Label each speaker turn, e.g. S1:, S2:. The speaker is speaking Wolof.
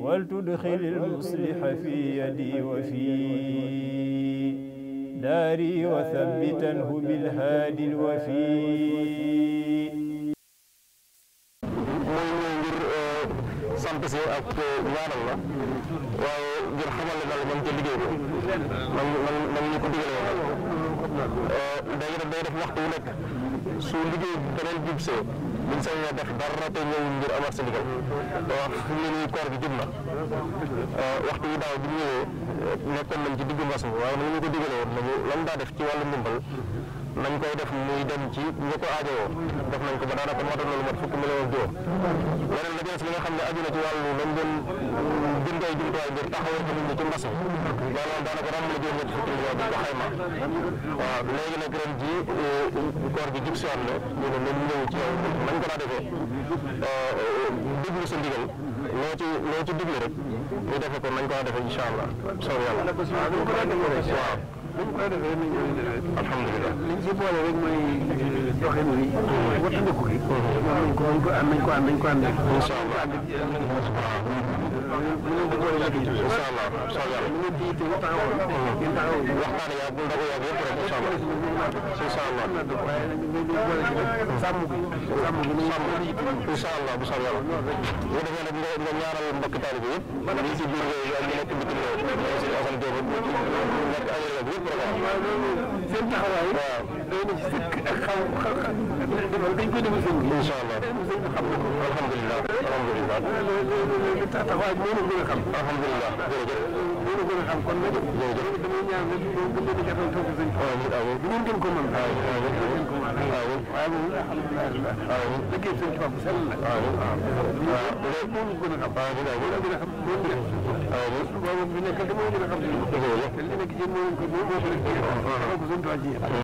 S1: ولتدخل المصلح في يدي وفي داري وثبتنه بالهادي الوفي sant si ak
S2: ñaanal la waaye ngir liggéey bi man man man ñu ko digalee woon day def day nekk su liggéey beneen jub buñ sañ a def dara te ñëwul ngir amaat sa ndigal wax ne nii koor gi jub na euh, waxtu wi daaw bi ñëwee nekkoon nañ ci diggu mbas mi waaye nañu ko digale woon nañu lan daa def ci wàllu ndimbal nañ koy def muy dem ci nga ko aajowoo def nañ ko ba daanaka matal na lu mat fukki million ak juróom leneen la jeex li nga xam ne aju na ci wàllu lañ doon jënd ay jumtuwaay ngir taxawal ko nit ñi ci mbas léegi nag ren ji euh, koor gi jub si waat la ñu ne nañ ñëw ci yow nañ ko daa defee euh, déglu ci loo rek ñu defe ko nañ ko daa defee soo allah soob yàlla waaw
S3: alhamdulilah ci boole rek mooy doxin euh, wi. wattandiku gi. moom mm-hmm. nañ ko nañ ko ànd nañ ko ànd nañ ko ànd. incha allah incha allah incha allah. waxtaan yaa
S4: bu ndaw yaa yëpp rek incha allah. incha allah. sàmm bi. sàmm bi incha allah bu soobee yàlla. bu ko defee nag nga nga ñaaral mbokk
S2: taalibe yëpp. ñu ci biir réew ak ñu nekk bitim réew. ñu ci Assane Diop nekk Amérique yëpp
S5: rek. seen taxawaay. waaw doy na ci sëkk ak xaw xaw dañ koy defal seen. incha allah alhamdulilah. waaw léegi taxawaay bi moo gën a xam. alhamdulilah jërëjëf. moo gën a xam kon nag. jërëjëf damay ñaan nag ñu gën leen a jàppal toog sëñ bi. waaw waaw bu ngeen gën ko mën. waaw waaw waaw ngeen ko mën. waaw waaye moom alhamdulilah. waaw liggéey sëñ Tuubaa bu sell la. waaw waaw waaw moo gën a xam. waaw waaw moo gën a xam moo gën a xam. waaw waaw bi nekk dama gën a xam. dëgg la te li nekk ci moo ko moo ko